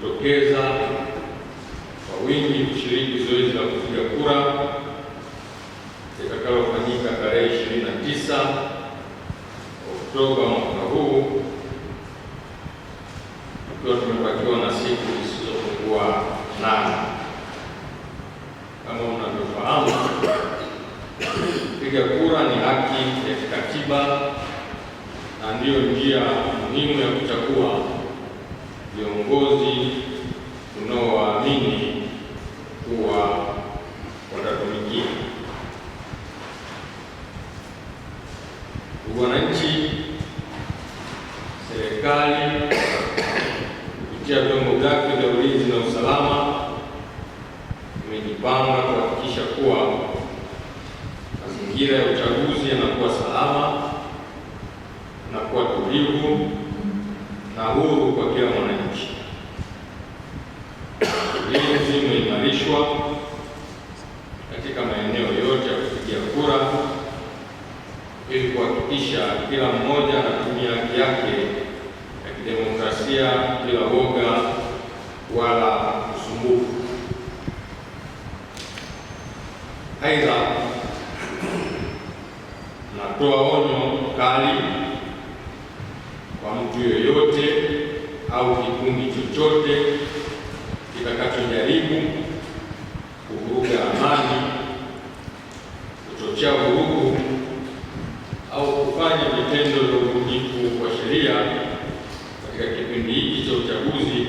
kujitokeza kwa wingi kushiriki zoezi la kupiga kura litakalofanyika tarehe 29 Oktoba mwaka huu, tukiwa tumepakiwa na siku zisizopungua nane. Kama unavyofahamu, kupiga kura ni haki ya kikatiba na ndiyo njia muhimu ya kuchagua viongozi tunaowaamini kuwa watatumikia wananchi. Serikali kupitia vyombo vyake vya ulinzi na usalama imejipanga kuhakikisha kuwa mazingira ya uchaguzi yanakuwa salama na kuwa tulivu na huru kwa kila mwananchi. Ulinzi umeimarishwa katika maeneo yote ya kupigia kura ili kuhakikisha kila mmoja anatumia haki yake ya kidemokrasia bila woga wala usumbufu. Aidha, natoa onyo kali kwa mtu yoyote au kikundi chochote kitakachojaribu kuvuruga amani, kuchochea vurugu au kufanya vitendo vya uvunjifu wa sheria katika kipindi hiki cha uchaguzi,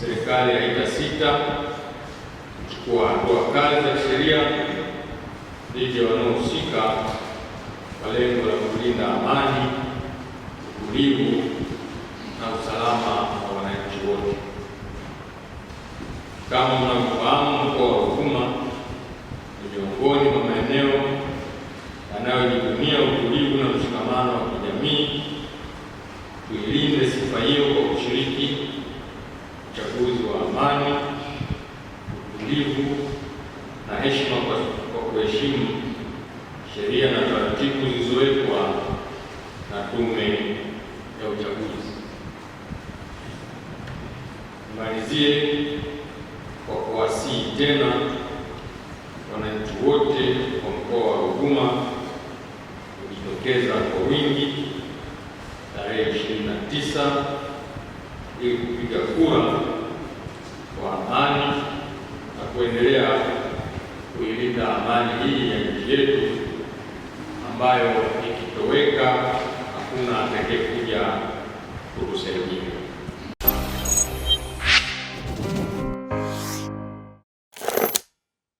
serikali haitasita kuchukua hatua kali za sheria dhidi ya wanaohusika kwa lengo la kulinda amani utulivu na usalama wa wananchi wote. Kama mnavyofahamu, mkoa wa Ruvuma ni miongoni mwa maeneo yanayojivunia utulivu na mshikamano wa kijamii. Tuilinde sifa hiyo kwa kushiriki uchaguzi wa amani, utulivu na heshima kwa kuheshimu sheria na taratibu zilizowekwa na Tume ya uchaguzi. Nimalizie kwa kuwasihi tena wananchi wote wa mkoa wa Ruvuma kujitokeza kwa wingi tarehe ishirini na tisa ili kupiga kura kwa amani na kuendelea kuilinda amani hii ya nchi yetu ambayo ikitoweka tuna atakaekuja kutusaidia.